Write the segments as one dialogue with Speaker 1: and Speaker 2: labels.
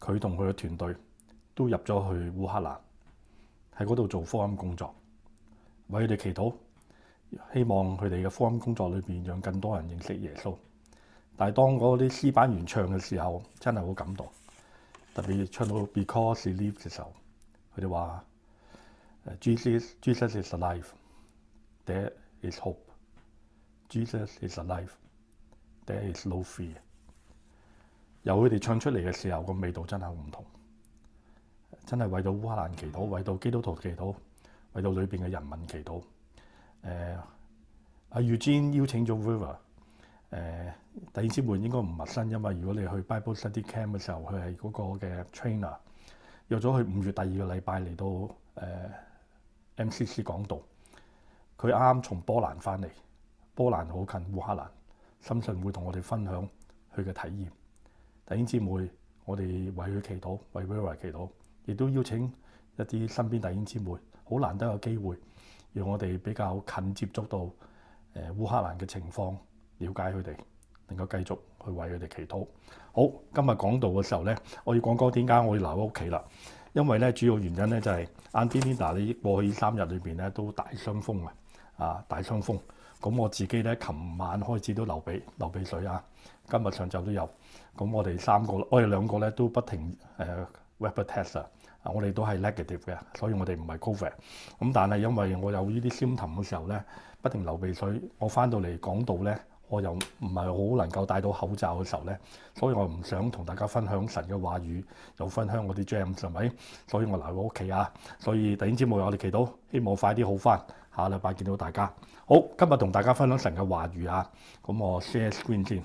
Speaker 1: 佢同佢嘅團隊都入咗去烏克蘭，喺嗰度做福音工作，為佢哋祈禱，希望佢哋嘅福音工作裏面讓更多人認識耶穌。但係當嗰啲詩班員唱嘅時候，真係好感動，特別唱到 Because He Lives 嘅時候，佢哋話：誒 Jesus Jesus is alive，there is hope。Jesus is alive，there is no fear。由佢哋唱出嚟嘅時候，個味道真係好唔同。真係為到烏克蘭祈禱，為到基督徒祈禱，為到裏邊嘅人民祈禱。誒、呃，阿 Yu Jin 邀請咗 River 誒，弟兄姊妹應該唔陌生，因為如果你去 Bible Study Camp 嘅時候，佢係嗰個嘅 trainer 約5。約咗佢五月第二個禮拜嚟到誒、呃、MCC 講道。佢啱啱從波蘭翻嚟，波蘭好近烏克蘭，深信會同我哋分享佢嘅體驗。弟兄姊妹，我哋為佢祈禱，為 Vera 祈禱，亦都邀請一啲身邊弟兄姊妹，好難得有機會，讓我哋比較近接觸到誒呃、烏克蘭嘅情況，了解佢哋，能夠繼續去為佢哋祈禱。好，今日講到嘅時候咧，我要講講點解我要留喺屋企啦，因為咧主要原因咧就係、是、Antonina，你過去三日裏邊咧都大傷風啊，大傷風。咁我自己咧，琴晚開始都流鼻流鼻水啊，今日上晝都有。咁我哋三個，我哋兩個咧都不停誒 web test 啊，我哋都係 negative 嘅，所以我哋唔係 cover。咁但係因為我有呢啲 symptom 嘅時候咧，不停流鼻水。我翻到嚟港島咧，我又唔係好能夠戴到口罩嘅時候咧，所以我唔想同大家分享神嘅話語，又分享我啲 gems，係咪？所以我留喺我屋企啊。所以第二天朝我哋祈禱，希望快啲好翻。下個禮拜見到大家，好，今日同大家分享神嘅話語啊。咁、啊、我 share screen 先，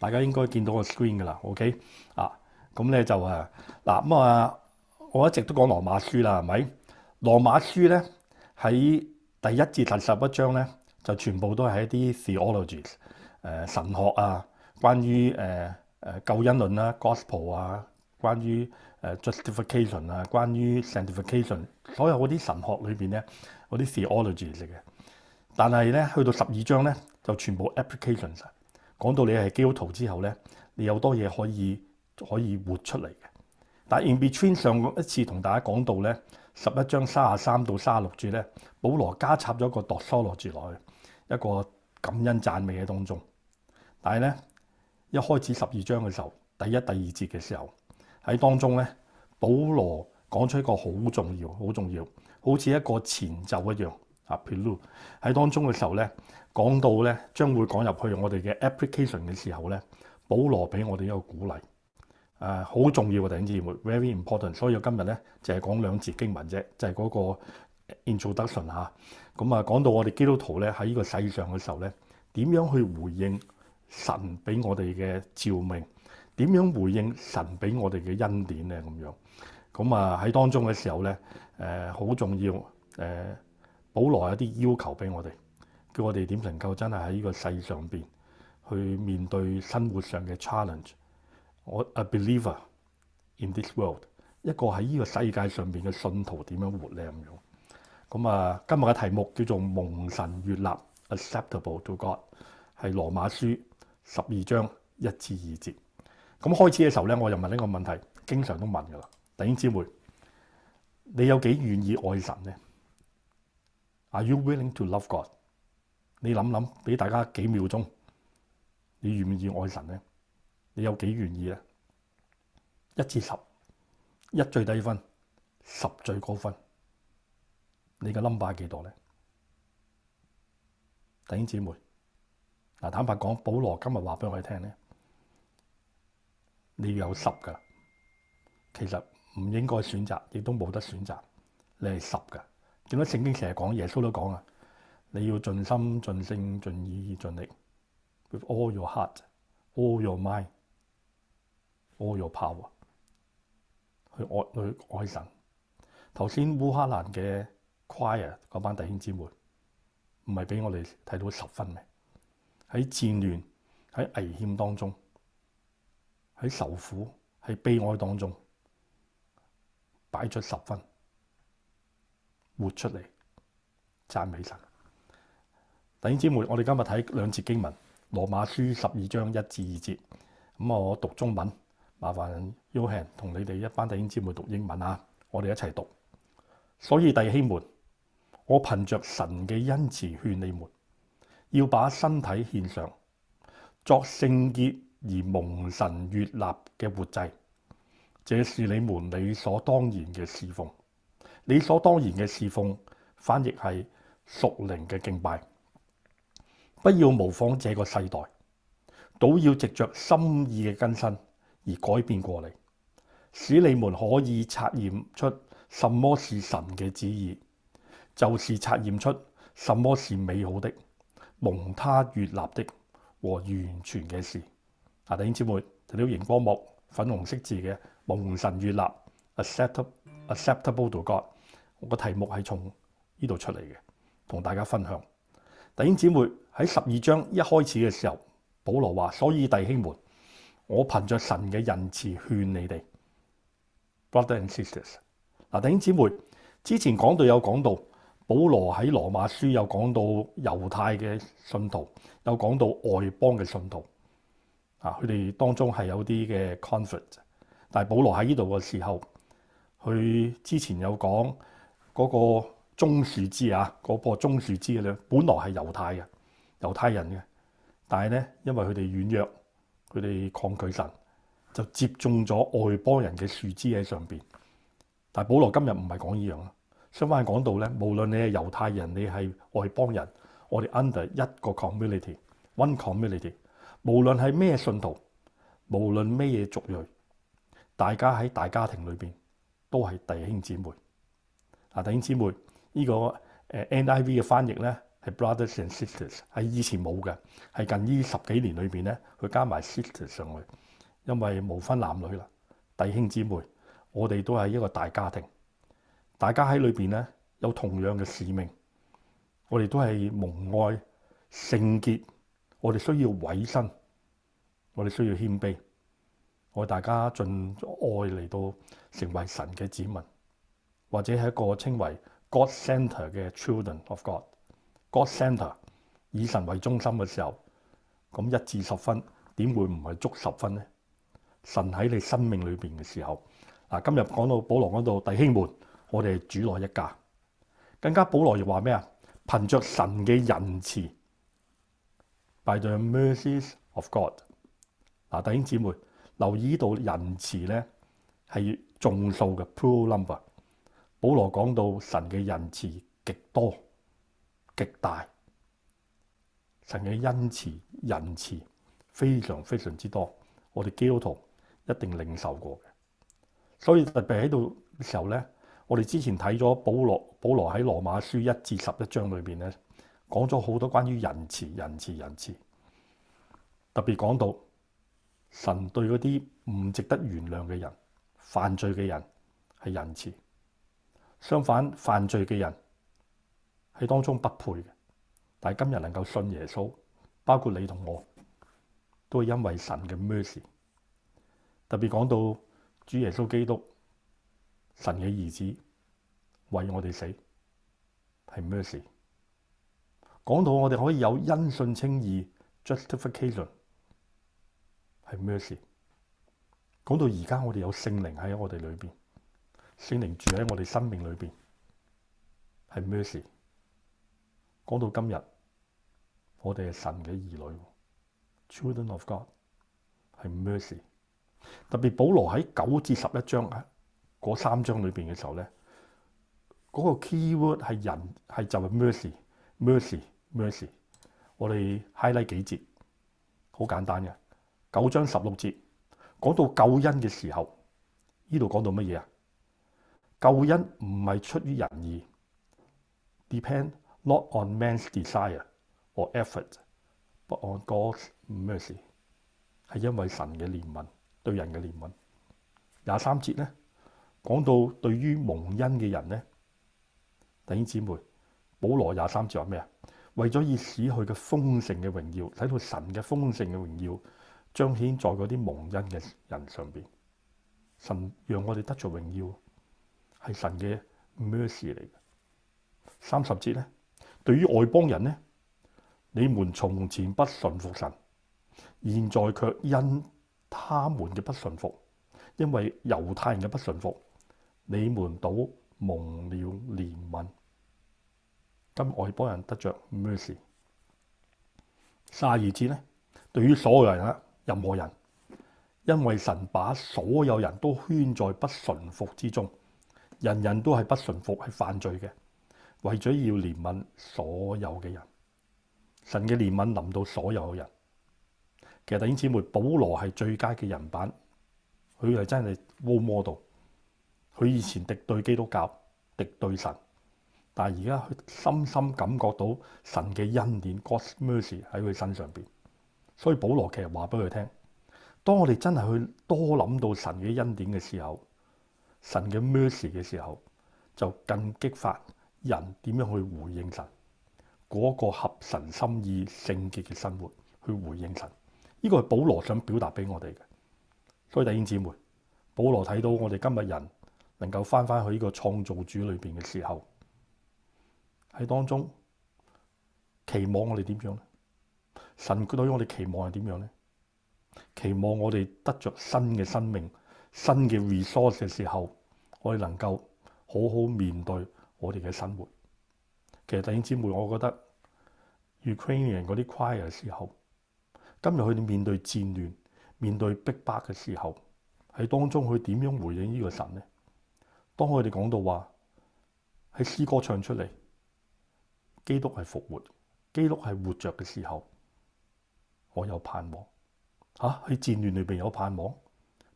Speaker 1: 大家應該見到個 screen 噶啦。OK 啊，咁、啊、咧、啊、就誒嗱咁啊，我一直都講羅馬書啦，係咪？羅馬書咧喺第一至第十一章咧，就全部都係一啲 theology 誒、呃、神學啊，關於誒。呃誒救恩論啦、Gospel 啊，關於誒 justification 啊，關於 sanctification，所有嗰啲神學裏邊咧，嗰啲 theology 嚟嘅。但係咧，去到十二章咧，就全部 applications，講到你係基督徒之後咧，你有多嘢可以可以活出嚟嘅。但係 in between 上一次同大家講到咧，十一章三十三到三十六節咧，保羅加插咗個 doxology 落去，一個感恩讚美嘅當中。但係咧。一開始十二章嘅時候，第一、第二節嘅時候喺當中咧，保羅講出一個好重、重要、好重要，好似一個前奏一樣啊 prelude 喺當中嘅時候咧，講到咧將會講入去我哋嘅 application 嘅時候咧，保羅俾我哋一個鼓勵，誒、啊、好重要嘅弟兄姊妹，very important，所以我今日咧就係、是、講兩節經文啫，就係、是、嗰個 introduction 嚇、啊，咁啊講到我哋基督徒咧喺呢個世上嘅時候咧，點樣去回應？神俾我哋嘅照明，點樣回應神俾我哋嘅恩典咧？咁樣，咁啊喺當中嘅時候咧，誒、呃、好重要，誒、呃、保羅有啲要求俾我哋，叫我哋點能夠真係喺呢個世上邊去面對生活上嘅 challenge。我 a believer in this world，一個喺呢個世界上邊嘅信徒點樣活咧？咁樣，咁啊今日嘅題目叫做蒙神悅納，acceptable to God，係羅馬書。十二章一至二節，咁開始嘅時候咧，我就問呢個問題，經常都問噶啦。弟兄姊妹，你有幾願意愛神咧？Are you willing to love God？你諗諗，俾大家幾秒鐘，你願唔願意愛神咧？你有幾願意啊？一至十，一最低分，十最高分，你嘅 number 幾多咧？弟兄姊妹。坦白講，保羅今日話俾我哋聽咧，你要有十噶。其實唔應該選擇，亦都冇得選擇。你係十噶。點解？聖經成日講，耶穌都講啊，你要盡心、盡性、盡意、盡力，with all your heart, all your mind, all your power 去愛，去愛神。頭先烏克蘭嘅 choir 嗰班弟兄姊妹，唔係俾我哋睇到十分咩？喺戰亂、喺危險當中、喺受苦、喺悲哀當中，擺出十分，活出嚟，讚美神。弟兄姊妹，我哋今日睇兩節經文，《羅馬書》十二章一至二節。咁我讀中文，麻煩 Yohan 同你哋一班弟兄姊妹讀英文啊！我哋一齊讀。所以弟兄們，我憑着神嘅恩慈勸你們。要把身體獻上作聖潔而蒙神悅納嘅活祭，這是你們理所當然嘅侍奉。理所當然嘅侍奉，翻譯係屬靈嘅敬拜。不要模仿這個世代，倒要藉着心意嘅更新而改變過嚟，使你們可以察驗出什麼是神嘅旨意，就是察驗出什麼是美好的。蒙他悦納的和完全嘅事。啊，弟兄姊妹，睇到熒光幕粉紅色字嘅蒙神悦納 acceptable acceptable to God。我嘅題目係從呢度出嚟嘅，同大家分享。弟兄姊妹喺十二章一開始嘅時候，保羅話：所以弟兄們，我憑着神嘅仁慈勸你哋。Brother and sisters。啊，弟兄姊妹，之前講到有講到。保羅喺羅馬書有講到猶太嘅信徒，有講到外邦嘅信徒，啊，佢哋當中係有啲嘅 conflict。但係保羅喺呢度嘅時候，佢之前有講嗰個棕樹枝啊，嗰棵棕樹枝咧，本來係猶太嘅，猶太人嘅，但係咧因為佢哋軟弱，佢哋抗拒神，就接種咗外邦人嘅樹枝喺上邊。但係保羅今日唔係講呢樣啦。相翻講到咧，無論你係猶太人，你係外邦人，我哋 under 一個 community，one community。Community，無論係咩信徒，無論咩嘢族裔，大家喺大家庭裏邊都係弟兄姊妹。啊，弟兄姊妹，這個、呢個誒 NIV 嘅翻譯咧係 brothers and sisters，喺以前冇嘅，係近呢十幾年裏邊咧，佢加埋 sisters 上去，因為冇分男女啦，弟兄姊妹，我哋都係一個大家庭。大家喺裏面咧有同樣嘅使命，我哋都係蒙愛聖潔，我哋需要委身，我哋需要謙卑，我哋大家盡愛嚟到成為神嘅子民，或者係一個稱為 God Center 嘅 Children of God。God Center 以神為中心嘅時候，咁一至十分點會唔係足十分咧？神喺你生命裏面嘅時候嗱，今日講到保羅嗰度，弟兄們。我哋主內一家更加，保羅又話咩啊？憑着神嘅仁慈，by the mercies of God 嗱，弟兄姊妹留意到仁慈咧係眾數嘅 pro number。保羅講到神嘅仁慈極多極大，神嘅恩慈仁慈非常非常之多。我哋基督徒一定領受過嘅，所以特別喺度時候咧。我哋之前睇咗保羅，保羅喺羅馬書一至十一章裏面咧，講咗好多關於仁慈，仁慈，仁慈。特別講到神對嗰啲唔值得原諒嘅人、犯罪嘅人係仁慈，相反犯罪嘅人係當中不配嘅。但係今日能夠信耶穌，包括你同我，都係因為神嘅 mercy。特別講到主耶穌基督。神嘅兒子為我哋死係 Mercy。講到我哋可以有因信稱義 （justification） 係 Mercy。講到而家我哋有聖靈喺我哋裏邊，聖靈住喺我哋生命裏邊係 Mercy。講到今日我哋係神嘅兒女 （children of God） 係 Mercy。特別保羅喺九至十一章嗰三章裏面嘅時候咧，嗰個 keyword 係人係就係、是、mercy，mercy，mercy，mercy。我哋 highlight 幾節，好簡單嘅九章十六節講到救恩嘅時候，呢度講到乜嘢啊？救恩唔係出於人意，depend not on man's desire or effort，but on God's mercy。係因為神嘅憐憫對人嘅憐憫。廿三節咧。講到對於蒙恩嘅人呢，弟兄姊妹，保羅廿三節話咩啊？為咗以死去嘅豐盛嘅榮耀，睇到神嘅豐盛嘅榮耀彰顯在嗰啲蒙恩嘅人上邊，神讓我哋得着榮耀，係神嘅咩事嚟？三十節呢，對於外邦人呢，你們從前不信服神，現在卻因他們嘅不信服，因為猶太人嘅不信服。你們倒蒙了憐憫，今外邦人得著咩事？三十二節呢，對於所有人啦，任何人，因為神把所有人都圈在不順服之中，人人都係不順服，係犯罪嘅。為咗要憐憫所有嘅人，神嘅憐憫臨到所有人。其實弟兄姊妹，保羅係最佳嘅人辦，佢係真係 model 佢以前敵對基督教，敵對神，但係而家佢深深感覺到神嘅恩典。God’s mercy 喺佢身上邊，所以保羅其實話俾佢聽，當我哋真係去多諗到神嘅恩典嘅時候，神嘅 mercy 嘅時候，就更激發人點樣去回應神嗰個，合神心意聖潔嘅生活去回應神。呢個係保羅想表達俾我哋嘅。所以，弟兄姊妹，保羅睇到我哋今日人。能夠返返去呢個創造主裏面嘅時候，喺當中期望我哋點樣咧？神佢對於我哋期望係點樣咧？期望我哋得着新嘅生命、新嘅 resource 嘅時候，我哋能夠好好面對我哋嘅生活。其實弟兄姊妹，我覺得 Ukrainian 嗰啲 choir 嘅時候，今日佢哋面對戰亂、面對逼迫嘅時候，喺當中佢點樣回應呢個神咧？當我哋講到話喺詩歌唱出嚟，基督係復活，基督係活着嘅時候，我有盼望吓喺、啊、戰亂裏邊有盼望，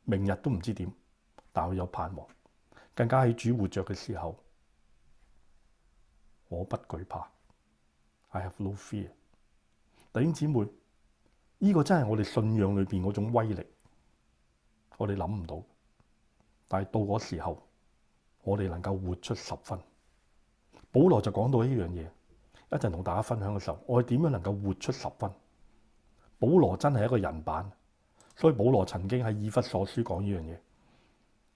Speaker 1: 明日都唔知點，但我有盼望，更加喺主活着嘅時候，我不懼怕。I have no fear。弟兄姊妹，呢、這個真係我哋信仰裏邊嗰種威力，我哋諗唔到，但係到嗰時候。我哋能夠活出十分，保羅就講到呢樣嘢。一陣同大家分享嘅時候，我哋點樣能夠活出十分？保羅真係一個人版，所以保羅曾經喺以弗所書講呢樣嘢。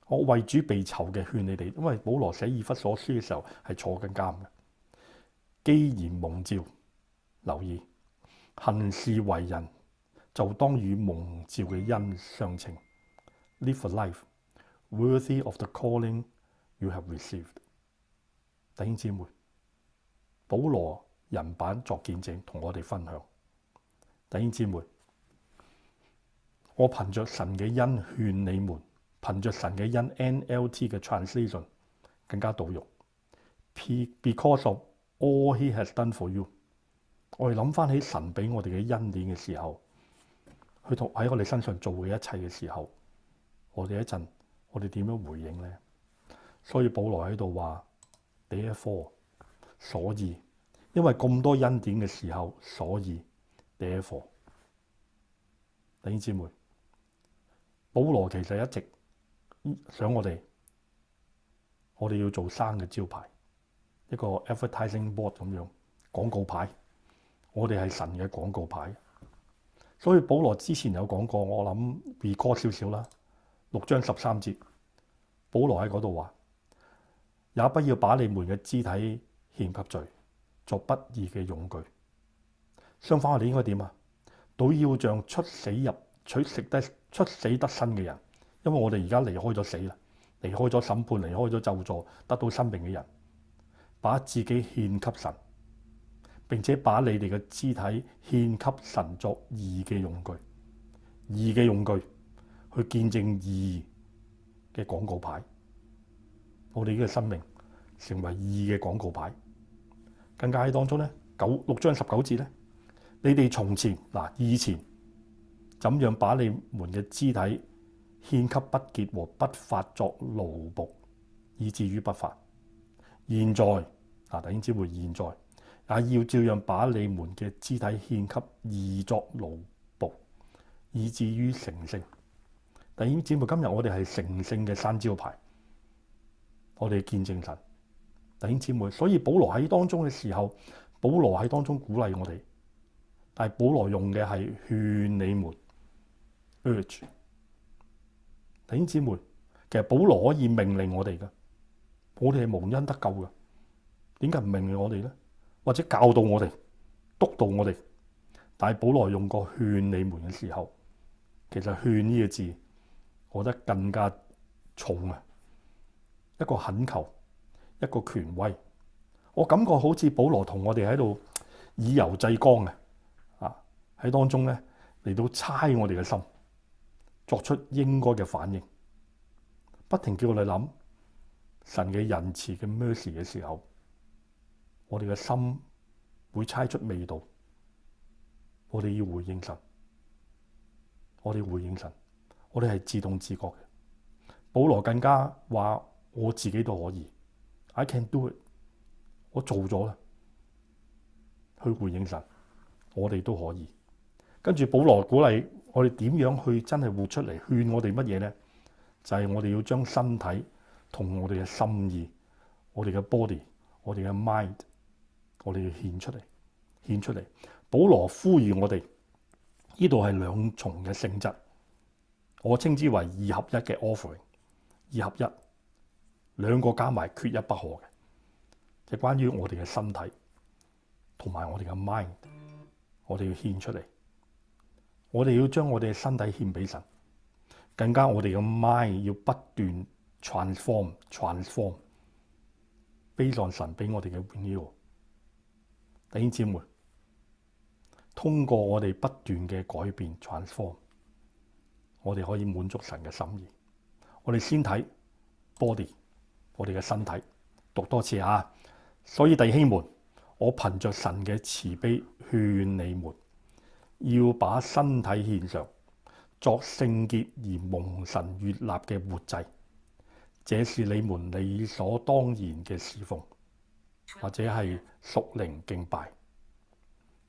Speaker 1: 我為主被囚嘅，勸你哋，因為保羅寫以弗所書嘅時候係坐緊監嘅。既然蒙召，留意行事為人就當與蒙召嘅恩相稱。Live a life worthy of the calling. You have received。弟兄姊妹，保羅人版作見證，同我哋分享。弟兄姊妹，我憑著神嘅恩勸你們，憑著神嘅恩，NLT 嘅 translation 更加到肉。Because of all he has done for you，我哋諗翻起神俾我哋嘅恩典嘅時候，佢同喺我哋身上做嘅一切嘅時候，我哋一陣，我哋點樣回應呢？所以，保羅喺度話 therefore 所以，因為咁多恩典嘅時候，所以 therefore 弟兄姊妹，保羅其實一直想我哋，我哋要做生嘅招牌一個 advertising board 咁樣廣告牌，我哋係神嘅廣告牌。所以保羅之前有講過，我諗 record 少少啦，六章十三節，保羅喺嗰度話。也不要把你們嘅肢體獻給罪，作不義嘅用具。相反，我哋應該點啊？倒要像出死入取食得出死得生嘅人，因為我哋而家離開咗死啦，離開咗審判，離開咗咒詛，得到生命嘅人，把自己獻給神，並且把你哋嘅肢體獻給神作義嘅用具，義嘅用具去見證義嘅廣告牌。我哋呢個生命成為義嘅廣告牌，更加喺當中咧，九六章十九節咧，你哋從前嗱，以前怎樣把你們嘅肢體獻給不潔和不法作奴僕，以至於不法。現在嗱，弟兄姊妹，現在也要照樣把你們嘅肢體獻給義作奴僕，以至於成聖。弟兄姊妹，今日我哋係成聖嘅生招牌。我哋見證神，弟兄姊妹，所以保羅喺當中嘅時候，保羅喺當中鼓勵我哋，但係保羅用嘅係勸你們，urge，弟兄姊妹，其實保羅可以命令我哋噶，我哋係無恩得救噶，點解唔命令我哋咧？或者教導我哋，督導我哋，但係保羅用個勸你們嘅時候，其實勸呢個字，我覺得更加重啊。一個懇求，一個權威，我感覺好似保羅同我哋喺度以柔制剛嘅啊，喺當中咧嚟到猜我哋嘅心，作出應該嘅反應，不停叫我哋諗神嘅仁慈嘅 Mercy 嘅時候，我哋嘅心會猜出味道。我哋要回應神，我哋要回應神，我哋係自動自覺嘅。保羅更加話。我自己都可以，I can do it。我做咗啦，去回應神，我哋都可以。跟住保羅鼓勵我哋點樣去真係活出嚟，勸我哋乜嘢咧？就係我哋要將身體同我哋嘅心意，我哋嘅 body，我哋嘅 mind，我哋要獻出嚟，獻出嚟。保羅呼籲我哋呢度係兩重嘅性質，我稱之為二合一嘅 offering，二合一。兩個加埋缺一不可嘅，就係關於我哋嘅身體同埋我哋嘅 mind 我。我哋要獻出嚟，我哋要將我哋嘅身體獻俾神，更加我哋嘅 mind 要不斷 transform、transform，非常神俾我哋嘅 will。弟兄姊妹，通過我哋不斷嘅改變、transform，我哋可以滿足神嘅心意。我哋先睇 body。我哋嘅身體讀多次啊，所以弟兄們，我憑着神嘅慈悲勸你們要把身體獻上作聖潔而蒙神悅納嘅活祭，這是你們理所當然嘅侍奉，或者係屬靈敬拜。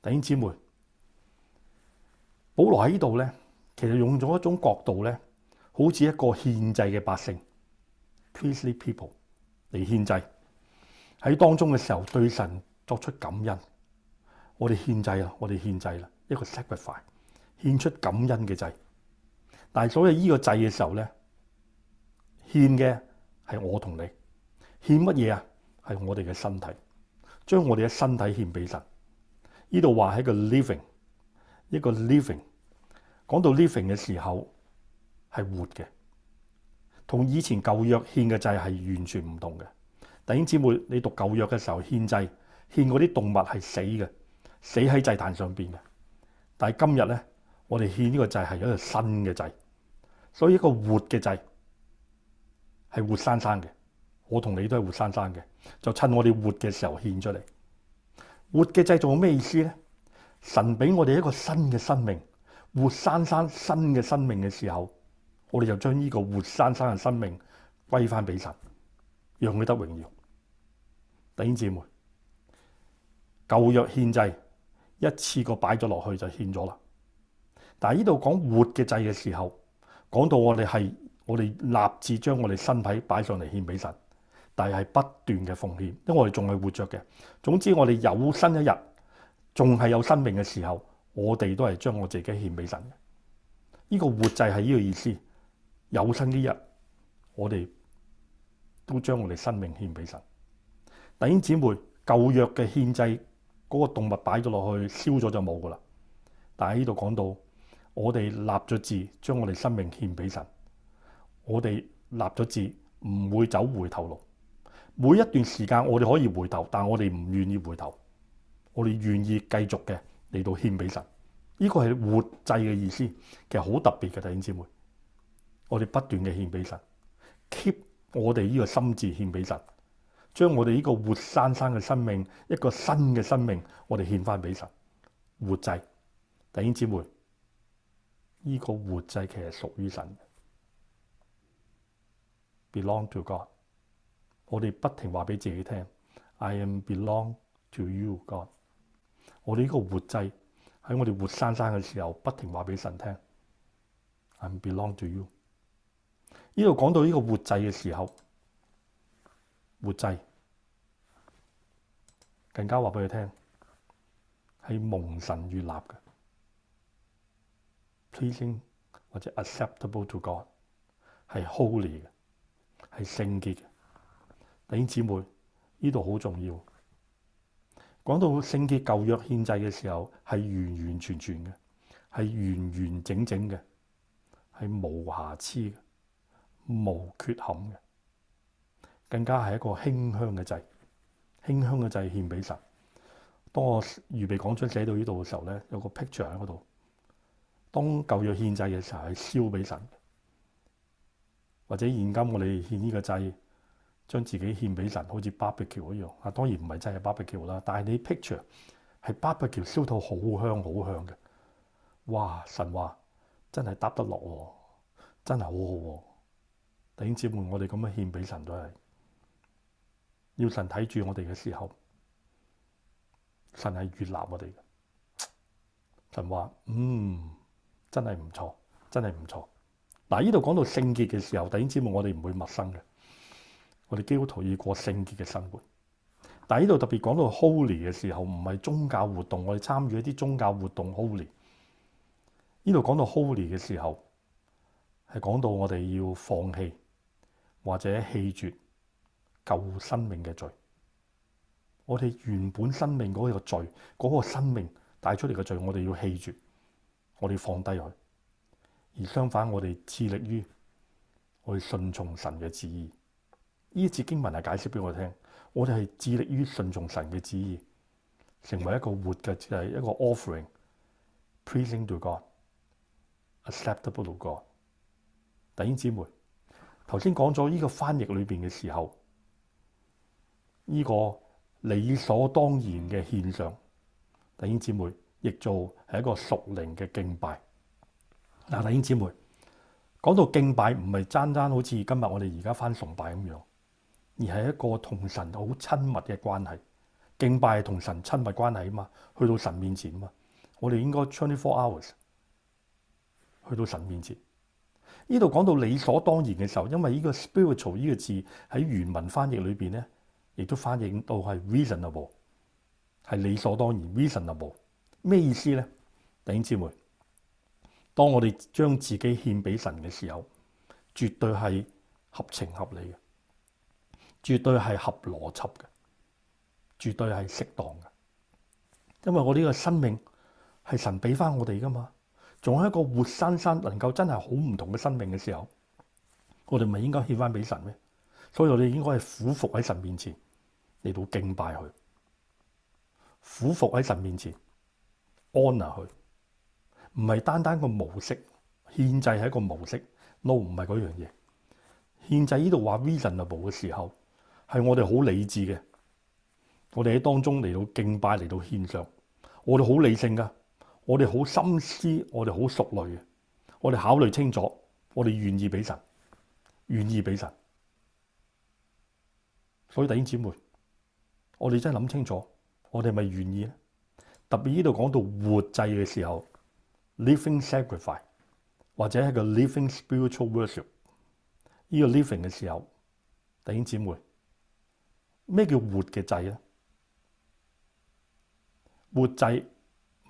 Speaker 1: 弟兄姊妹，保羅喺呢度咧，其實用咗一種角度咧，好似一個獻祭嘅百姓 （priestly people）。嚟獻祭喺當中嘅時候對神作出感恩，我哋獻祭啦，我哋獻祭啦，一個 sacrifice，獻出感恩嘅祭。但係所以呢個祭嘅時候咧，獻嘅係我同你，獻乜嘢啊？係我哋嘅身體，將我哋嘅身體獻俾神。呢度話係一個 living，一個 living，講到 living 嘅時候係活嘅。同以前舊約獻嘅祭係完全唔同嘅。弟兄姊妹，你讀舊約嘅時候獻祭，獻嗰啲動物係死嘅，死喺祭壇上面嘅。但係今日咧，我哋獻呢個祭係一個新嘅祭，所以一個活嘅祭係活生生嘅。我同你都係活生生嘅，就趁我哋活嘅時候獻出嚟。活嘅祭仲有咩意思咧？神俾我哋一個新嘅生命，活生生新嘅生命嘅時候。我哋就將呢個活生生嘅生命歸翻俾神，讓佢得榮耀。弟兄姊妹，舊約獻祭一次過擺咗落去就獻咗啦。但係呢度講活嘅祭嘅時候，講到我哋係，我哋立志將我哋身體擺上嚟獻俾神，但係係不斷嘅奉獻，因為我哋仲係活着嘅。總之，我哋有生一日仲係有生命嘅時候，我哋都係將我自己獻俾神嘅。呢個活祭係呢個意思。有生之日，我哋都將我哋生命獻俾神。弟兄姊妹，舊約嘅獻祭嗰個動物擺咗落去，燒咗就冇噶啦。但係呢度講到，我哋立咗志，將我哋生命獻俾神。我哋立咗志，唔會走回頭路。每一段時間，我哋可以回頭，但我哋唔願意回頭。我哋願意繼續嘅嚟到獻俾神。呢個係活祭嘅意思，其實好特別嘅，弟兄姊妹。我哋不斷嘅獻俾神，keep 我哋呢個心智獻俾神，將我哋呢個活生生嘅生命一個新嘅生命，我哋獻翻俾神。活祭，弟兄姊妹，呢個活祭其實屬於神，belong to God。我哋不停話俾自己聽，I am belong to you, God。我哋呢個活祭喺我哋活生生嘅時候，不停話俾神聽，I am belong to you。呢度講到呢個活祭嘅時候，活祭更加話俾佢聽係蒙神悅納嘅，pleasing 或者 acceptable to God 係 Holy 嘅，係聖潔嘅。弟兄姊妹，呢度好重要。講到聖潔，舊約獻祭嘅時候，係完完全全嘅，係完完整整嘅，係無瑕疵嘅。無缺陷嘅，更加係一個馨香嘅祭。馨香嘅祭獻俾神。當我預備講章寫到呢度嘅時候咧，有個 picture 喺嗰度。當舊約獻祭嘅時候係燒俾神，或者現今我哋獻呢個祭，將自己獻俾神，好似 barbecue 一樣。啊，當然唔係真係 barbecue 啦，barbecue, 但係你 picture 係 barbecue 燒到好香好香嘅。哇！神話真係搭得落，真係好好。弟兄姊妹，我哋咁樣獻俾神都係，要神睇住我哋嘅時候，神係悅納我哋嘅。神話嗯，真係唔錯，真係唔錯。嗱，呢度講到聖潔嘅時候，弟兄姊妹，我哋唔會陌生嘅。我哋基督徒要過聖潔嘅生活。但係呢度特別講到 Holy 嘅時候，唔係宗教活動，我哋參與一啲宗教活動 Holy。呢度講到 Holy 嘅時候，係講到我哋要放棄，或者棄絕救生命嘅罪，我哋原本生命嗰個罪，嗰個生命帶出嚟嘅罪，我哋要棄絕，我哋放低佢。而相反，我哋致力於我哋順從神嘅旨意。呢節經文係解釋俾我聽，我哋係致力於信從神嘅旨意，成為一個活嘅，即係一個 offering，pleasing to God，acceptable to God。弟兄姊妹。頭先講咗呢個翻譯裏邊嘅時候，呢、這個理所當然嘅獻上，弟兄姐妹，亦做係一個屬靈嘅敬拜。嗱、啊，弟兄姐妹，講到敬拜唔係單單好似今日我哋而家返崇拜咁樣，而係一個同神好親密嘅關係。敬拜係同神親密關係啊嘛，去到神面前啊嘛，我哋應該 twenty four hours 去到神面前。呢度講到理所當然嘅時候，因為呢個 spiritual 呢個字喺原文翻譯裏面咧，亦都翻譯到係 reasonable，係理所當然。reasonable 咩意思咧？弟兄姊妹，當我哋將自己獻俾神嘅時候，絕對係合情合理嘅，絕對係合邏輯嘅，絕對係適當嘅。因為我呢個生命係神俾翻我哋噶嘛。仲係一個活生生能夠真係好唔同嘅生命嘅時候，我哋咪應該獻翻俾神咩？所以我哋應該係俯伏喺神面前嚟到敬拜佢，俯伏喺神面前 honour 佢，唔係單單個模式，獻祭係一個模式，no，唔係嗰樣嘢。獻祭呢度話 reasonable 嘅時候，係我哋好理智嘅，我哋喺當中嚟到敬拜，嚟到獻上，我哋好理性㗎。我哋好深思，我哋好熟慮，我哋考慮清楚，我哋願意畀神，願意畀神。所以弟兄姊妹，我哋真係諗清楚，我哋咪係唔係願意呢？特別呢度講到活祭嘅時候，living sacrifice 或者係個 living spiritual worship，呢個 living 嘅時候，弟兄姊妹，咩叫活嘅祭呢？活祭。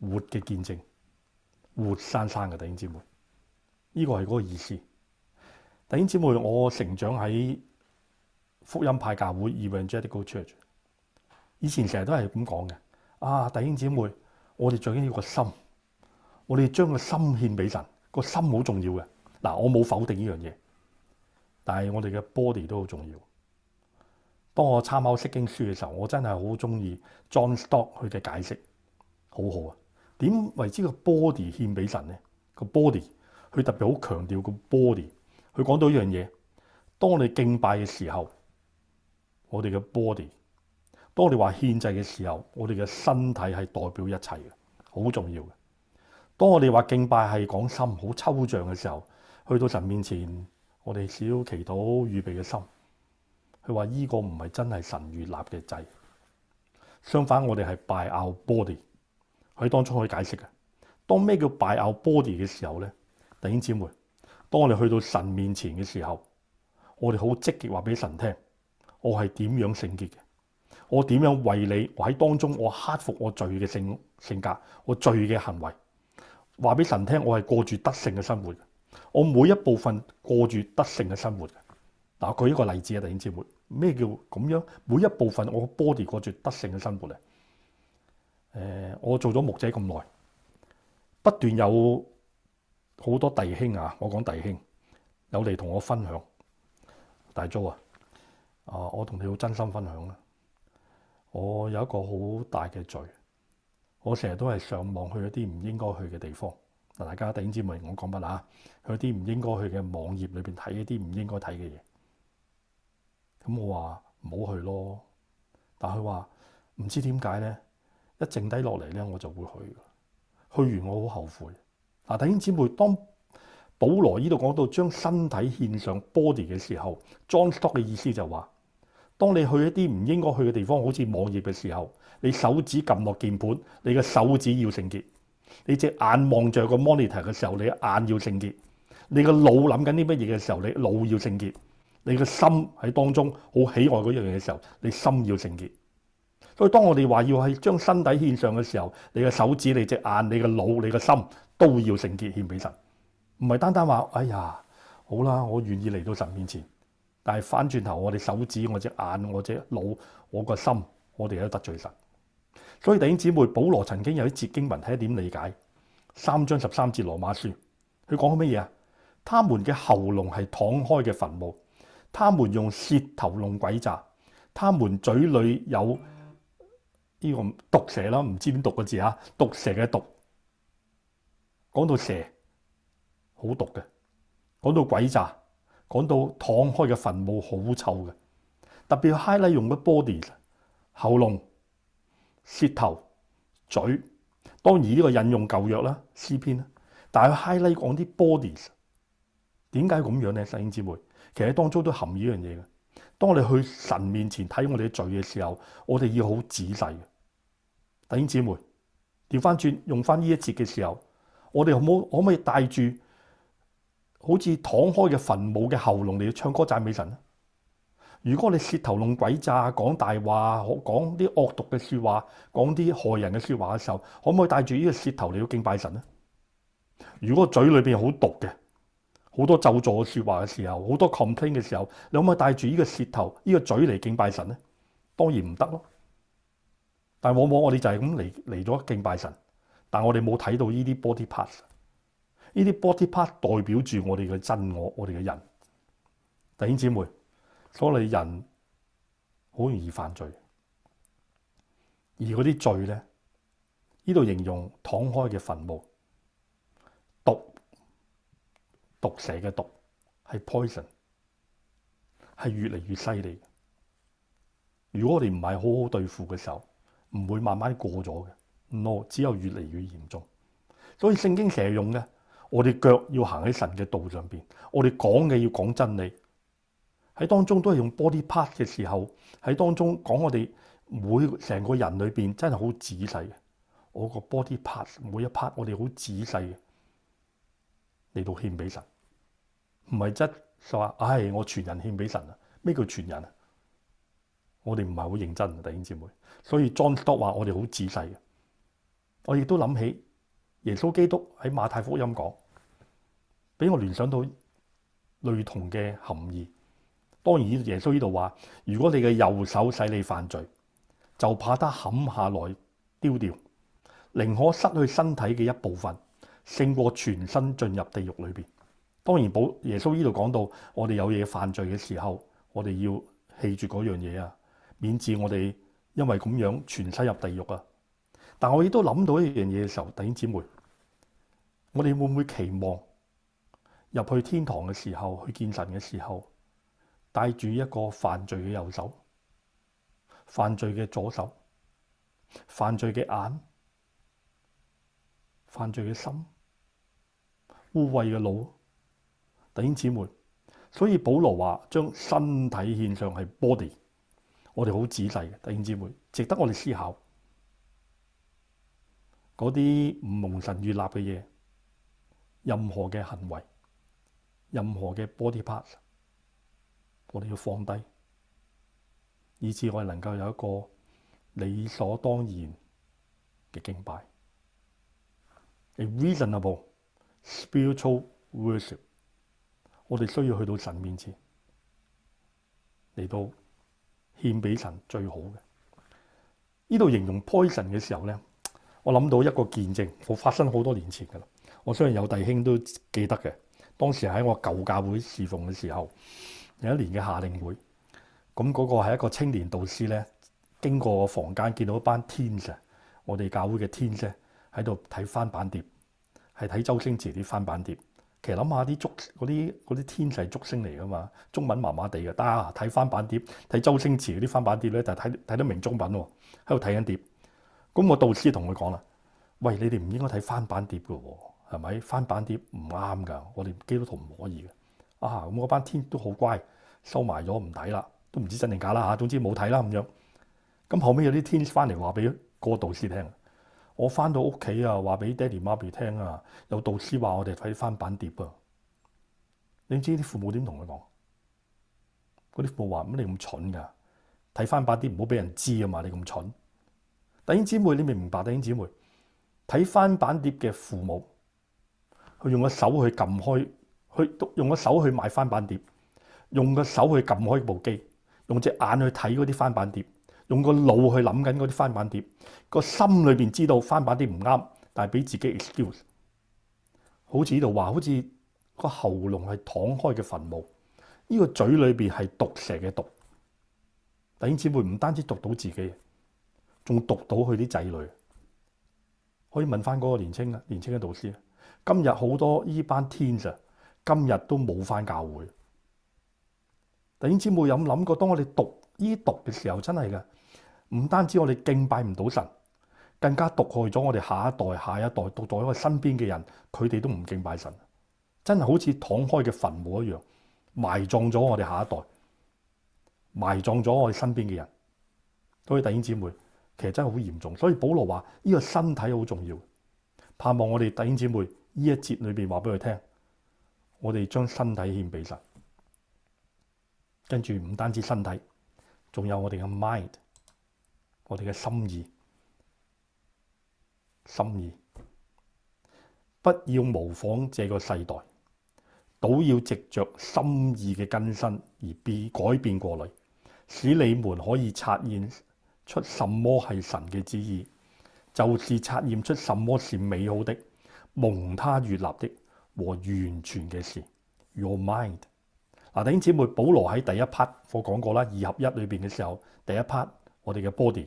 Speaker 1: 活嘅見證，活生生嘅弟兄姊妹，呢個係嗰個意思。弟兄姊妹，我成長喺福音派教會，Evangelical Church。以前成日都係咁講嘅啊！弟兄姊妹，我哋最緊要個心，我哋將個心獻俾神，個心好重要嘅嗱。我冇否定呢樣嘢，但係我哋嘅 body 都好重要。當我參考《釋經書》嘅時候，我真係好中意 John Stock 佢嘅解釋，好好啊！點為之個 body 獻俾神咧？個 body，佢特別好強調個 body。佢講到一樣嘢：當我哋敬拜嘅時候，我哋嘅 body；當我哋話獻祭嘅時候，我哋嘅身體係代表一切嘅，好重要嘅。當我哋話敬拜係講心，好抽象嘅時候，去到神面前，我哋少祈禱預備嘅心。佢話：依個唔係真係神預立嘅祭，相反我哋係拜拗 body。喺當中可以解釋嘅，當咩叫拜拗 body 嘅時候咧？弟兄姊妹，當我哋去到神面前嘅時候，我哋好積極話俾神聽，我係點樣聖潔嘅？我點樣為你？我喺當中我克服我罪嘅性性格，我罪嘅行為，話俾神聽，我係過住得勝嘅生活嘅。我每一部分過住得勝嘅生活嘅。嗱，舉一個例子啊，弟兄姊妹，咩叫咁樣？每一部分我 body 過住得勝嘅生活咧？誒、呃，我做咗牧者咁耐，不斷有好多弟兄啊！我講弟兄有嚟同我分享，大周啊，啊、呃，我同你好真心分享啦！我有一個好大嘅罪，我成日都係上網去一啲唔應該去嘅地方。嗱，大家第一節問我講乜啊？去一啲唔應該去嘅網頁裏邊睇一啲唔應該睇嘅嘢。咁我話唔好去咯，但佢話唔知點解咧。一靜低落嚟咧，我就會去。去完我好後悔。嗱、啊，弟兄姊妹，當保羅呢度講到將身體獻上 body 嘅時候，John Stock 嘅意思就話：當你去一啲唔應該去嘅地方，好似網頁嘅時候，你手指撳落鍵盤，你嘅手指要聖潔；你隻眼望着個 monitor 嘅時候，你眼要聖潔；你個腦諗緊啲乜嘢嘅時候，你腦要聖潔；你個心喺當中好喜愛嗰一樣嘢嘅時候，你心要聖潔。所以當我哋話要係將身體獻上嘅時候，你嘅手指、你隻眼、你嘅腦、你嘅心都要聖潔獻俾神，唔係單單話哎呀好啦，我願意嚟到神面前，但係翻轉頭，我哋手指、我隻眼、我隻腦、我個心，我哋都得罪神。所以弟兄姊妹，保羅曾經有一節經文睇點理解三章十三節羅馬書，佢講緊乜嘢啊？他們嘅喉嚨係敞開嘅墳墓，他們用舌頭弄詭詐，他們嘴裏有。呢、這個毒蛇啦，唔知點讀個字啊！毒蛇嘅毒，講到蛇好毒嘅；講到鬼詐，講到敞開嘅墳墓好臭嘅。特別去 highlight 用嘅 bodies，喉嚨、舌頭、嘴。當然呢個引用舊約啦，《詩篇》啦。但係 highlight 講啲 bodies，點解咁樣咧？弟兄姊妹，其實當中都含義一樣嘢嘅。當我哋去神面前睇我哋嘅嘴嘅時候，我哋要好仔細嘅。弟兄姊妹，調翻轉用翻呢一節嘅時候，我哋可冇可唔可以帶住好似躺開嘅墳墓嘅喉嚨嚟唱歌讚美神咧？如果你舌頭弄鬼詐、講大話、講啲惡毒嘅說話、講啲害人嘅說話嘅時候，可唔可以帶住呢個舌頭嚟敬拜神咧？如果嘴裏邊好毒嘅，好多咒詛嘅說話嘅時候，好多 complain 嘅時候，你可唔可以帶住呢個舌頭、呢個嘴嚟敬拜神咧？當然唔得咯。但往往我哋就係咁嚟咗敬拜神，但我哋冇睇到呢啲 body part，呢啲 body part 代表住我哋嘅真我，我哋嘅人。弟兄姊妹，所以人好容易犯罪，而嗰啲罪呢，呢度形容敞開嘅墳墓，毒毒蛇嘅毒係 poison，係越嚟越犀利。如果我哋唔係好好對付嘅時候，唔會慢慢過咗嘅，no，只有越嚟越嚴重。所以聖經成日用嘅，我哋腳要行喺神嘅道上邊，我哋講嘅要講真理。喺當中都係用 body part 嘅時候，喺當中講我哋每成個，個人裏邊真係好仔細嘅。我個 body part 每一 part 我哋好仔細嘅嚟到獻俾神，唔係即就話唉，我全人獻俾神啊？咩叫全人啊？我哋唔係好認真，弟兄姊妹，所以 John Stott 話我哋好仔細嘅。我亦都諗起耶穌基督喺馬太福音講，俾我聯想到類同嘅含義。當然，耶穌呢度話：如果你嘅右手使你犯罪，就怕他冚下來丟掉，寧可失去身體嘅一部分，勝過全身進入地獄裏邊。當然穌說，保耶穌呢度講到我哋有嘢犯罪嘅時候，我哋要棄住嗰樣嘢啊。免至我哋因為咁樣全身入地獄啊！但我亦都諗到一樣嘢嘅時候，弟兄姊妹，我哋會唔會期望入去天堂嘅時候去見神嘅時候，帶住一個犯罪嘅右手、犯罪嘅左手、犯罪嘅眼、犯罪嘅心、污穢嘅腦？弟兄姊妹，所以保羅話將身體獻上係 body。我哋好仔細嘅，弟兄姊妹，值得我哋思考嗰啲蒙神悅納嘅嘢，任何嘅行為，任何嘅 body parts，我哋要放低，以至我哋能夠有一個理所當然嘅敬拜，a reasonable spiritual worship。我哋需要去到神面前嚟到。獻俾神最好嘅。呢度形容 poison 嘅時候咧，我諗到一個見證，我發生好多年前噶啦。我相信有弟兄都記得嘅。當時喺我舊教會侍奉嘅時候，有一年嘅夏令會，咁、那、嗰個係一個青年導師咧，經過房間見到一班 teens，我哋教會嘅 teens 喺度睇翻版碟，係睇周星馳啲翻版碟。其實諗下啲足啲啲天使足星嚟噶嘛，中文麻麻地嘅，但係睇翻版碟睇周星馳嗰啲翻版碟咧，就睇睇得明中文喎、哦，喺度睇緊碟。咁、那、我、個、導師同佢講啦，喂，你哋唔應該睇翻版碟嘅、哦，係咪翻版碟唔啱㗎？我哋基督徒唔可以嘅。啊，咁嗰班天都好乖，收埋咗唔睇啦，都唔知真定假啦嚇。總之冇睇啦咁樣。咁後尾有啲天使翻嚟話俾個導師聽。我翻到屋企啊，話俾爹哋媽咪聽啊，有導師話我哋睇翻版碟啊。你知啲父母點同佢講？嗰啲父母話：「乜你咁蠢噶，睇翻版碟唔好俾人知啊嘛！你咁蠢。弟兄姊妹，你明唔明白？弟兄姊妹，睇翻版碟嘅父母，佢用個手去撳開，去用個手去買翻版碟，用個手去撳開部機，用隻眼去睇嗰啲翻版碟。用個腦去諗緊嗰啲翻版碟，個心裏面知道翻版碟唔啱，但係俾自己 excuse。好似呢度話，好似個喉嚨係敞開嘅墳墓，呢個嘴裏面係毒蛇嘅毒。弟兄姊妹，唔單止毒到自己，仲毒到佢啲仔女。可以問翻嗰個年青啊，年青嘅導師啊，今日好多依班 teens 啊，今日都冇翻教會。弟兄姊妹有冇諗過？當我哋讀依讀嘅時候，真係嘅。唔單止我哋敬拜唔到神，更加毒害咗我哋下一代、下一代，毒害咗我哋身邊嘅人，佢哋都唔敬拜神，真係好似敞開嘅墳墓一樣，埋葬咗我哋下一代，埋葬咗我哋身邊嘅人。所以弟兄姊妹，其實真係好嚴重。所以保羅話：呢個身體好重要，盼望我哋弟兄姊妹呢一節裏面話俾佢聽，我哋將身體獻俾神。跟住唔單止身體，仲有我哋嘅 mind。我哋嘅心意，心意，不要模仿這個世代，倒要藉着心意嘅更新而變改變過來，使你們可以察驗出什麼係神嘅旨意，就是察驗出什麼是美好的、蒙他悅納的和完全嘅事。Your mind，嗱，弟兄姊妹，保羅喺第一 part 我講過啦，二合一裏邊嘅時候，第一 part 我哋嘅 body。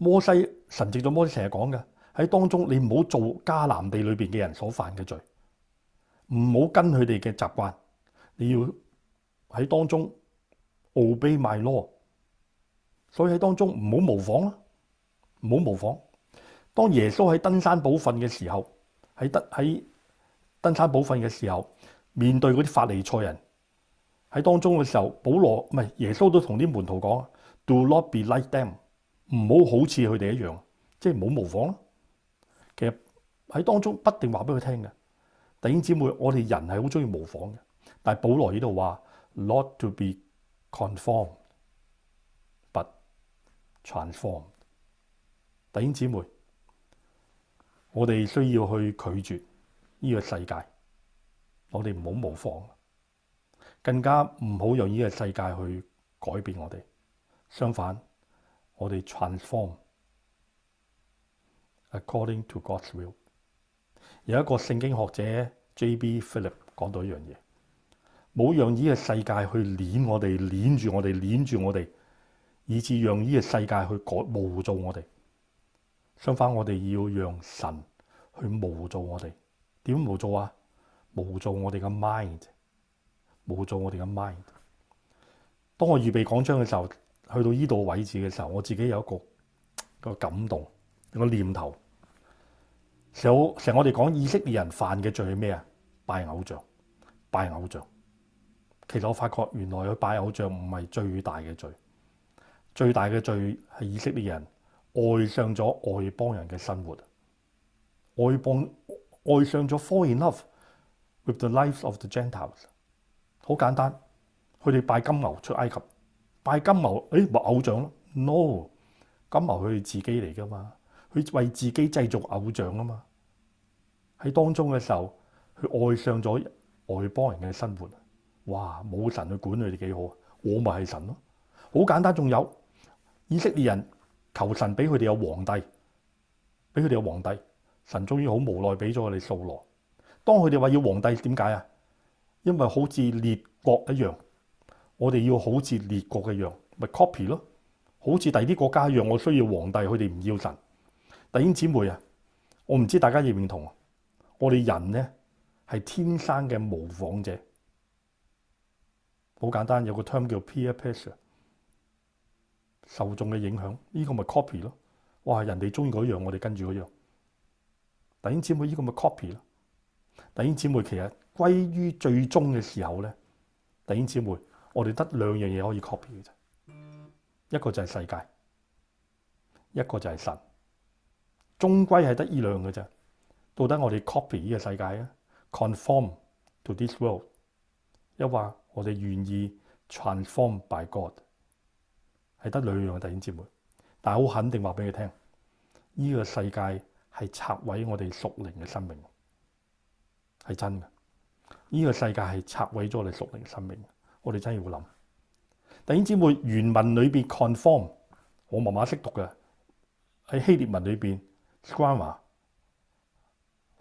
Speaker 1: 摩西神藉咗摩西成日講嘅，喺當中，你唔好做迦南地裏邊嘅人所犯嘅罪，唔好跟佢哋嘅習慣。你要喺當中 Obey My Law。所以喺當中唔好模仿啦，唔好模仿。當耶穌喺登山寶訓嘅時候，喺得喺登山寶訓嘅時候面對嗰啲法利賽人喺當中嘅時候，保羅唔係耶穌都同啲門徒講：Do not be like them。唔好好似佢哋一樣，即係唔好模仿咯。其實喺當中不定話俾佢聽嘅，弟兄姊妹，我哋人係好中意模仿嘅。但係保羅呢度話：Not to be conformed，but transformed。弟兄姊妹，我哋需要去拒絕呢個世界，我哋唔好模仿，更加唔好讓呢個世界去改變我哋。相反。我哋 transform according to God's will。有一個聖經學者 J.B. Philip 講到一樣嘢，冇讓呢個世界去攣我哋，攣住我哋，攣住我哋，以致讓呢個世界去改造我哋。相反，我哋要讓神去模造我哋。點模造啊？模造我哋嘅 mind，模造我哋嘅 mind。當我預備講章嘅時候。去到呢度位置嘅時候，我自己有一個，一個感動，有一個念頭。成成我哋講以色列人犯嘅罪係咩啊？拜偶像，拜偶像。其實我發覺原來佢拜偶像唔係最大嘅罪，最大嘅罪係以色列人愛上咗外邦人嘅生活，外邦，愛上咗 fall in love with the life of the Gentiles。好簡單，佢哋拜金牛出埃及。拜金牛，誒、哎，咪偶像咯？no，金牛佢自己嚟噶嘛，佢為自己製造偶像啊嘛。喺當中嘅時候，佢愛上咗外邦人嘅生活，哇！冇神去管佢哋幾好，我咪係神咯，好簡單。仲有以色列人求神俾佢哋有皇帝，俾佢哋有皇帝，神終於好無奈俾咗佢哋掃羅。當佢哋話要皇帝，點解啊？因為好似列國一樣。我哋要好似列國嘅樣咪 copy 咯，好似第啲國家一樣。我需要皇帝，佢哋唔要神。弟兄姊妹啊，我唔知大家認唔認同。我哋人咧係天生嘅模仿者，好簡單有個 term 叫 peer pressure 受眾嘅影響，呢個咪 copy 咯。哇，人哋中意嗰樣，我哋跟住嗰樣。弟兄姊妹，呢個咪 copy 咯。弟兄姊妹，其實歸於最終嘅時候咧，弟兄姊妹。我哋得兩樣嘢可以 copy 嘅啫，一個就係世界，一個就係神，終歸係得依兩樣嘅啫。到底我哋 copy 依個世界 conform to this world，又或我哋願意 transform by God，係得兩樣弟兄姊妹。但我好肯定話俾佢聽，依個世界係拆毀我哋屬靈嘅生命，係真嘅。依個世界係拆毀咗我哋屬靈嘅生命。我哋真係要諗弟兄姐妹，原文裏面 conform，我麻麻識讀嘅喺希臘文裏面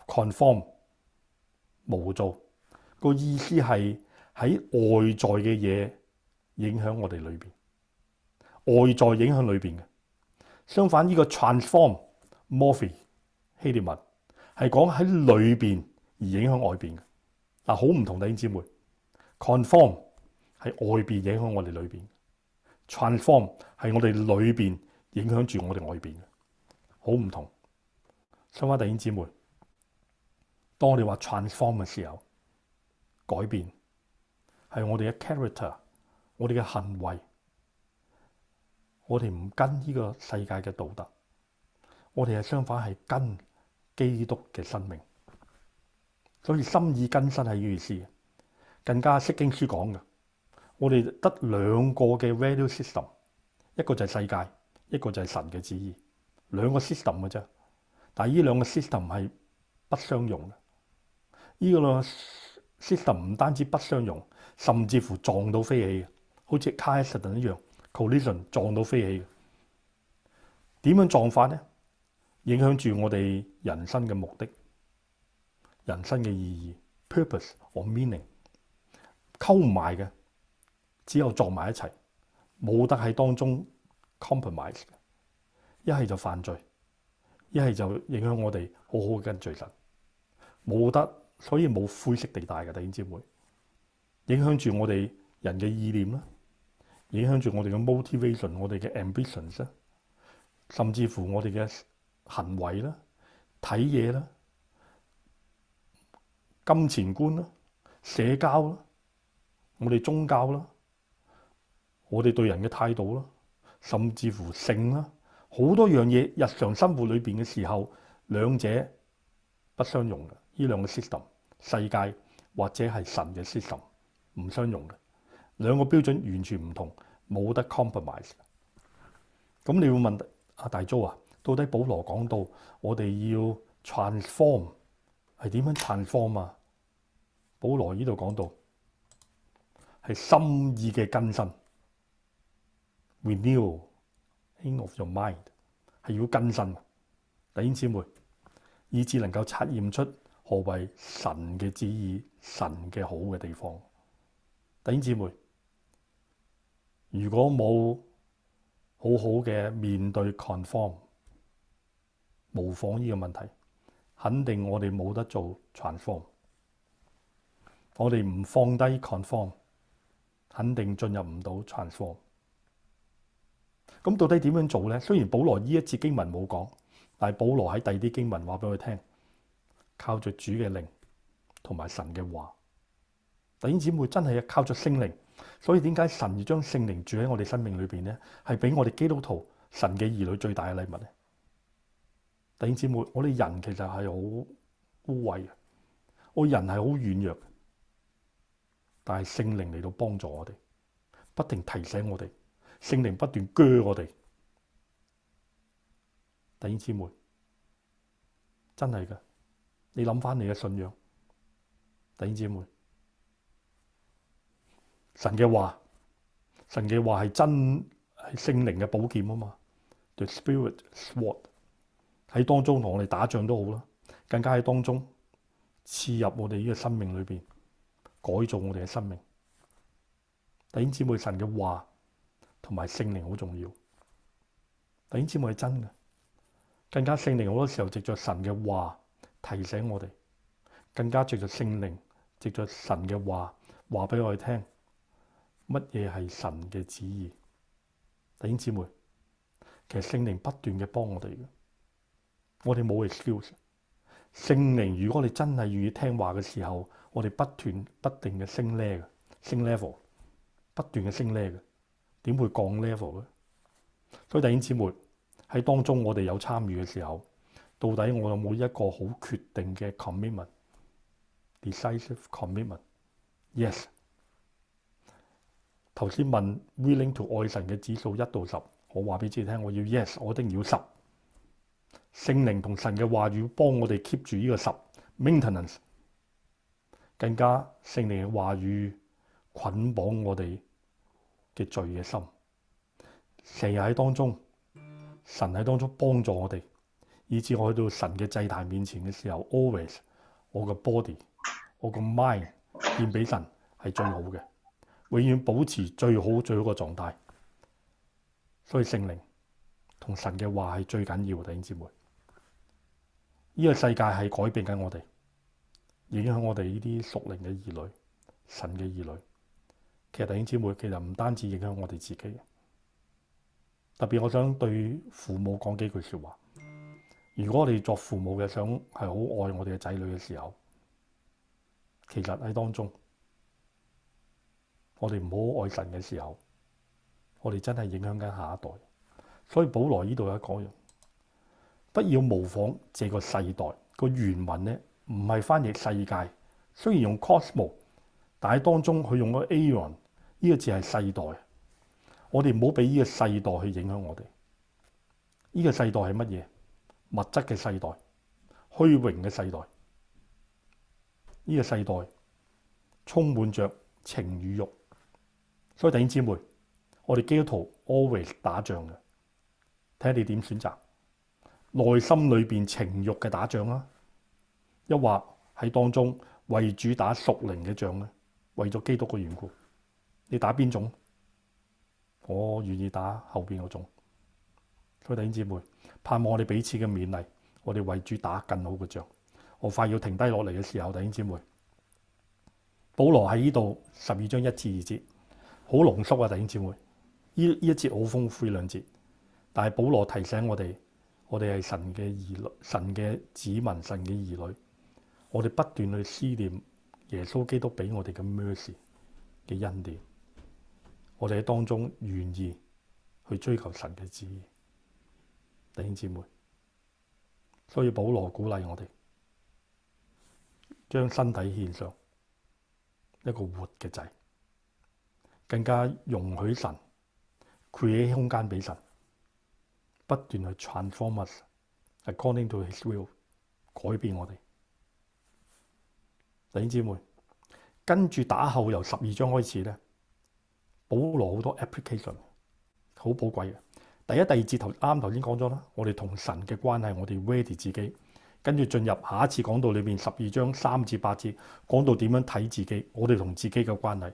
Speaker 1: conform 無造個意思係喺外在嘅嘢影響我哋裏面，外在影響裏面。相反，呢個 transform morphic 希臘文係講喺裏面而影響外邊嗱，好唔同弟兄姐妹 conform。係外邊影,影響我哋裏邊，Transform 係我哋裏邊影響住我哋外邊嘅，好唔同。新婚弟兄姊妹，當我哋話 Transform 嘅時候，改變係我哋嘅 character，我哋嘅行為，我哋唔跟呢個世界嘅道德，我哋係相反係跟基督嘅生命，所以心意更新係呢意思，更加識經書講嘅。我哋得兩個嘅 value system，一個就係世界，一個就係神嘅旨意，兩個 system 嘅啫。但係呢兩個 system 係不相容嘅。依個 system 唔單止不相容，甚至乎撞到飛起嘅，好似 collision 一樣，collision 撞到飛起。點樣撞法呢？影響住我哋人生嘅目的、人生嘅意義、purpose or meaning 溝埋嘅。只有撞埋一齊，冇得喺當中 compromise 嘅。一係就犯罪，一係就影響我哋好好跟罪神冇得，所以冇灰色地帶嘅。突然之會影響住我哋人嘅意念啦，影響住我哋嘅 motivation，我哋嘅 ambitions 啦，甚至乎我哋嘅行為啦、睇嘢啦、金錢觀啦、社交啦、我哋宗教啦。我哋對人嘅態度甚至乎性啦，好多樣嘢，日常生活裏面嘅時候，兩者不相容嘅。呢兩個 system 世界或者係神嘅 system 唔相容嘅兩個標準完全唔同，冇得 compromise。咁你會問阿大租啊，到底保羅講到我哋要 transform 係點樣 transform 啊？保羅呢度講到係心意嘅更新。renew a in of your mind 係要更新嘅，弟兄姊妹，以致能夠察驗出何為神嘅旨意，神嘅好嘅地方。弟兄姊妹，如果冇好好嘅面對 conform 模仿，呢個問題，肯定我哋冇得做 transform。我哋唔放低 conform，肯定進入唔到 transform。咁到底點樣做咧？雖然保羅呢一節經文冇講，但係保羅喺第二啲經文話俾佢聽，靠着主嘅靈同埋神嘅話。弟兄姊妹真係靠著聖靈，所以點解神要將聖靈住喺我哋生命裏邊咧？係俾我哋基督徒神嘅兒女最大嘅禮物咧。弟兄姊妹，我哋人其實係好污穢嘅，我人係好軟弱，但係聖靈嚟到幫助我哋，不停提醒我哋。聖靈不斷鋸我哋，弟兄姊妹，真係㗎！你諗返你嘅信仰，弟兄姊妹，神嘅話，神嘅話係真係聖靈嘅寶劍啊嘛，The Spirit Sword 喺當中同我哋打仗都好啦，更加喺當中刺入我哋呢個生命裏面，改造我哋嘅生命。弟兄姊妹，神嘅話。同埋聖靈好重要，弟兄姊妹係真嘅。更加聖靈好多時候藉着神嘅話提醒我哋，更加藉着聖靈藉着神嘅話話俾我哋聽，乜嘢係神嘅旨意。弟兄姊妹，其實聖靈不斷嘅幫我哋嘅，我哋冇嘅 excuse。聖靈，如果我哋真係願意聽話嘅時候，我哋不斷不斷嘅升 level，升 level，不斷嘅升 level。點會降 level 咧？所以弟兄姊妹喺當中，我哋有參與嘅時候，到底我有冇一個好決定嘅 commitment，decisive commitment？Yes。頭先問 willing to 愛神嘅指數一到十，我話俾自己聽，我要 yes，我一定要十。聖靈同神嘅話語幫我哋 keep 住呢個十 maintenance，更加聖靈嘅話語捆綁我哋。嘅罪嘅心，成日喺當中，神喺當中幫助我哋，以至我去到神嘅祭壇面前嘅時候 ，always 我個 body，我個 mind 獻俾神係最好嘅，永遠保持最好最好嘅狀態。所以聖靈同神嘅話係最緊要嘅，弟兄姊妹。呢、呢個世界係改變緊我哋，影響我哋呢啲屬靈嘅兒女，神嘅兒女。其實弟兄姊妹，其實唔單止影響我哋自己，特別我想對父母講幾句說話。如果我哋作父母嘅想係好愛我哋嘅仔女嘅時候，其實喺當中，我哋唔好愛神嘅時候，我哋真係影響緊下一代。所以保羅呢度有一個，不要模仿這個世代。個原文呢唔係翻譯世界，雖然用 Cosmo。但喺當中，佢用咗 aon 呢個字係世代。我哋唔好俾呢個世代去影響我哋。呢、這個世代係乜嘢？物質嘅世代，虛榮嘅世代。呢、這個世代充滿着情與欲，所以弟兄姊妹，我哋基督徒 always 打仗嘅。睇下你點選擇？內心裏面情欲嘅打仗啦，抑或喺當中為主打屬靈嘅仗呢？為咗基督嘅緣故，你打邊種？我願意打後邊個種。所以弟兄姊妹，盼望我哋彼此嘅勉勵，我哋為主打更好嘅仗。我快要停低落嚟嘅時候，弟兄姊妹，保羅喺呢度十二章一至二節，好濃縮啊！弟兄姊妹，呢呢一節好豐富，兩節，但係保羅提醒我哋，我哋係神嘅兒女，神嘅子民，神嘅兒女，我哋不斷去思念。耶穌基督俾我哋嘅 mercy 嘅恩典，我哋喺當中願意去追求神嘅旨意，弟兄姊妹。所以保羅鼓勵我哋將身體獻上一個活嘅祭，更加容許神 create 空間俾神，不斷去 transform us according to His will，改變我哋。跟住打後由十二章開始呢，保羅好多 application 好寶貴嘅。第一、第二節頭啱頭先講咗啦。我哋同神嘅關係，我哋 ready 自己，跟住進入下一次講道裏面十二章三至八節講到點樣睇自己，我哋同自己嘅關係。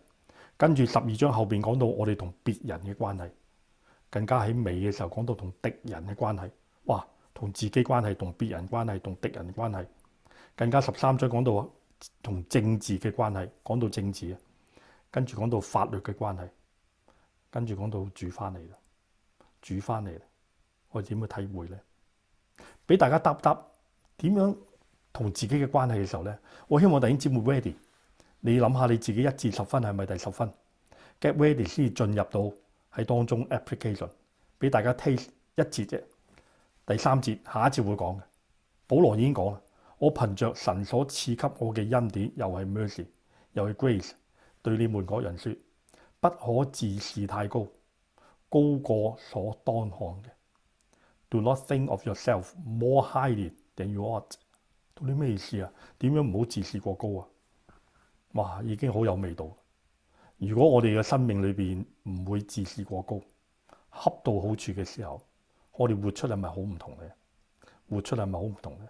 Speaker 1: 跟住十二章後邊講到我哋同別人嘅關係，更加喺尾嘅時候講到同敵人嘅關係。哇，同自己關係、同別人關係、同敵人嘅關係更加十三章講到同政治嘅關係，講到政治啊，跟住講到法律嘅關係，跟住講到煮翻嚟啦，煮翻嚟，我哋點去體會咧，俾大家答答點樣同自己嘅關係嘅時候咧，我希望第二節目 ready，你諗下你自己一至十分係咪第十分？Get ready 先要進入到喺當中 application，俾大家 taste 一節啫，第三節下一節會講嘅，保羅已經講啦。我憑着神所賜給我嘅恩典，又係 mercy，又係 grace，對你們各人說：不可自視太高，高過所當看嘅。Do not think of yourself more highly than you ought。到底咩意思啊？點樣唔好自視過高啊？哇，已經好有味道。如果我哋嘅生命裏面唔會自視過高，恰到好處嘅時候，我哋活出嚟咪好唔同嘅，活出嚟咪好唔同嘅。